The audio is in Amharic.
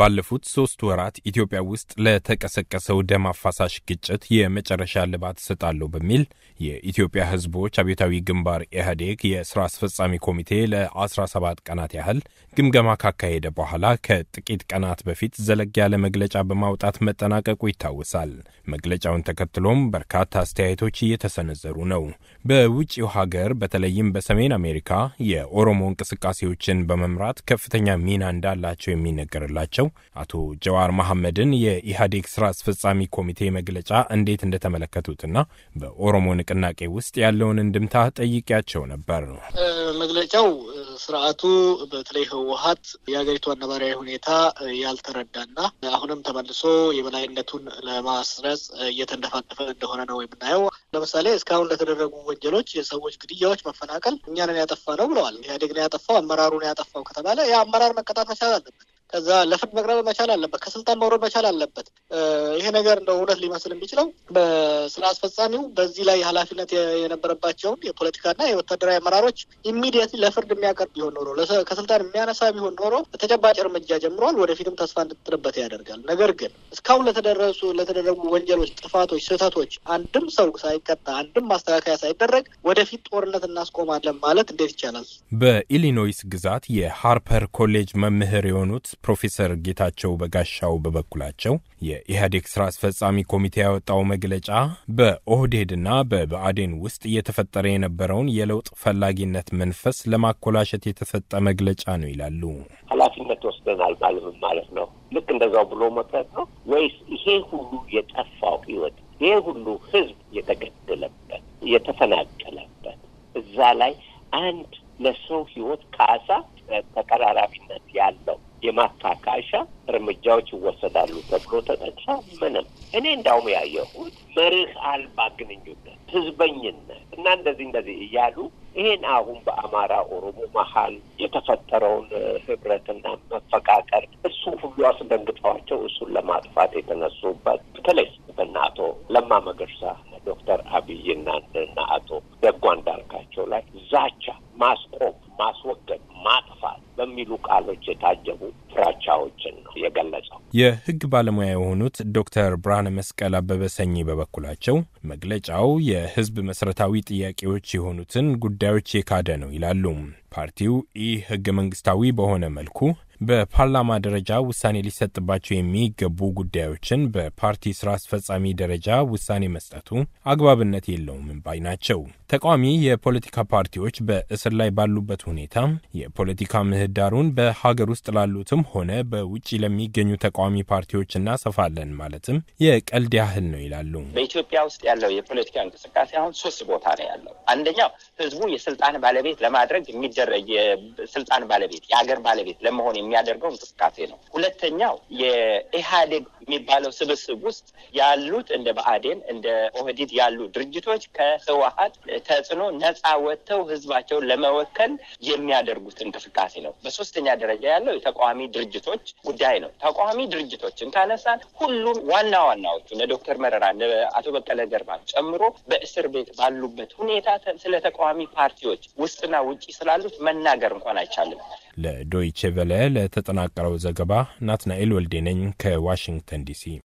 ባለፉት ሶስት ወራት ኢትዮጵያ ውስጥ ለተቀሰቀሰው ደም አፋሳሽ ግጭት የመጨረሻ ልባት እሰጣለሁ በሚል የኢትዮጵያ ሕዝቦች አብዮታዊ ግንባር ኢህአዴግ የስራ አስፈጻሚ ኮሚቴ ለ17 ቀናት ያህል ግምገማ ካካሄደ በኋላ ከጥቂት ቀናት በፊት ዘለግ ያለ መግለጫ በማውጣት መጠናቀቁ ይታወሳል። መግለጫውን ተከትሎም በርካታ አስተያየቶች እየተሰነዘሩ ነው። በውጭው ሀገር በተለይም በሰሜን አሜሪካ የኦሮሞ እንቅስቃሴዎችን በመምራት ከፍተኛ ሚና እንዳላቸው የሚነገርላቸው አቶ ጀዋር መሐመድን የኢህአዴግ ስራ አስፈጻሚ ኮሚቴ መግለጫ እንዴት እንደተመለከቱትና በኦሮሞ ንቅናቄ ውስጥ ያለውን እንድምታ ጠይቄያቸው ነበር። መግለጫው ስርዓቱ በተለይ ህወሀት የሀገሪቱ አነባሪያዊ ሁኔታ ያልተረዳና አሁንም ተመልሶ የበላይነቱን ለማስረጽ እየተንደፋደፈ እንደሆነ ነው የምናየው። ለምሳሌ እስካሁን ለተደረጉ ወንጀሎች፣ የሰዎች ግድያዎች፣ መፈናቀል እኛንን ያጠፋ ነው ብለዋል። ኢህአዴግን ያጠፋው፣ አመራሩን ያጠፋው ከተባለ የአመራር መቀጣት መቻል አለበት። ከዛ ለፍርድ መቅረብ መቻል አለበት። ከስልጣን መውረድ መቻል አለበት። ይሄ ነገር እንደ እውነት ሊመስል የሚችለው በስራ አስፈጻሚው በዚህ ላይ ኃላፊነት የነበረባቸውን የፖለቲካና የወታደራዊ አመራሮች ኢሚዲየት ለፍርድ የሚያቀርብ ቢሆን ኖሮ ከስልጣን የሚያነሳ ቢሆን ኖሮ ተጨባጭ እርምጃ ጀምሯል። ወደፊትም ተስፋ እንድትጥልበት ያደርጋል። ነገር ግን እስካሁን ለተደረሱ ለተደረጉ ወንጀሎች፣ ጥፋቶች፣ ስህተቶች አንድም ሰው ሳይቀጣ አንድም ማስተካከያ ሳይደረግ ወደፊት ጦርነት እናስቆማለን ማለት እንዴት ይቻላል? በኢሊኖይስ ግዛት የሃርፐር ኮሌጅ መምህር የሆኑት ፕሮፌሰር ጌታቸው በጋሻው በበኩላቸው የኢህአዴግ ስራ አስፈጻሚ ኮሚቴ ያወጣው መግለጫ በኦህዴድና በብአዴን ውስጥ እየተፈጠረ የነበረውን የለውጥ ፈላጊነት መንፈስ ለማኮላሸት የተሰጠ መግለጫ ነው ይላሉ። ኃላፊነት ወስደናል ባለምን ማለት ነው። ልክ እንደዛው ብሎ መቅረት ነው ወይስ ይሄ ሁሉ የጠፋው ህይወት ይሄ ሁሉ ህዝብ የተገደለበት የተፈናቀለበት እዛ ላይ አንድ ለሰው ህይወት ካሳ ተቀራራቢነት ያለው የማካካሻ እርምጃዎች ይወሰዳሉ ተብሎ ተጠቅሳ ምንም እኔ እንዳውም ያየሁት መርህ አልባ ግንኙነት፣ ህዝበኝነት እና እንደዚህ እንደዚህ እያሉ ይሄን አሁን በአማራ ኦሮሞ መሀል የተፈጠረውን ህብረትና መፈቃቀር እሱ ሁሉ አስደንግጠዋቸው እሱን ለማጥፋት የተነሱበት በተለይ በና አቶ ለማ መገርሳ ዶክተር አብይና እና አቶ ደጓ እንዳርጋቸው ላይ ዛቻ ማስቆም ማስወ በሚሉ ቃሎች የታጀቡ ፍራቻዎችን ነው የገለጸው። የህግ ባለሙያ የሆኑት ዶክተር ብርሃነ መስቀል አበበ ሰኚ በበኩላቸው መግለጫው የህዝብ መሰረታዊ ጥያቄዎች የሆኑትን ጉዳዮች የካደ ነው ይላሉ። ፓርቲው ይህ ህገ መንግስታዊ በሆነ መልኩ በፓርላማ ደረጃ ውሳኔ ሊሰጥባቸው የሚገቡ ጉዳዮችን በፓርቲ ስራ አስፈጻሚ ደረጃ ውሳኔ መስጠቱ አግባብነት የለውም ባይ ናቸው። ተቃዋሚ የፖለቲካ ፓርቲዎች በእስር ላይ ባሉበት ሁኔታ የፖለቲካ ምህዳሩን በሀገር ውስጥ ላሉትም ሆነ በውጭ ለሚገኙ ተቃዋሚ ፓርቲዎች እናሰፋለን ማለትም የቀልድ ያህል ነው ይላሉ። በኢትዮጵያ ውስጥ ያለው የፖለቲካ እንቅስቃሴ አሁን ሶስት ቦታ ነው ያለው። አንደኛው ህዝቡ የስልጣን ባለቤት ለማድረግ የሚደረግ የስልጣን ባለቤት የሀገር ባለቤት ለመሆን የሚያደርገው እንቅስቃሴ ነው። ሁለተኛው የኢህአዴግ የሚባለው ስብስብ ውስጥ ያሉት እንደ ብአዴን እንደ ኦህዲድ ያሉ ድርጅቶች ከህወሀት ተጽዕኖ ነፃ ወጥተው ህዝባቸውን ለመወከል የሚያደርጉት እንቅስቃሴ ነው። በሶስተኛ ደረጃ ያለው የተቃዋሚ ድርጅቶች ጉዳይ ነው። ተቃዋሚ ድርጅቶችን ካነሳን ሁሉም ዋና ዋናዎቹ እነ ዶክተር መረራ እነ አቶ በቀለ ገርባን ጨምሮ በእስር ቤት ባሉበት ሁኔታ ስለ ተቃዋሚ ፓርቲዎች ውስጥና ውጪ ስላሉት መናገር እንኳን አይቻልም። ለዶይቼ ቬለ ለተጠናቀረው ዘገባ ናትናኤል ወልዴነኝ ከዋሽንግተን ዲሲ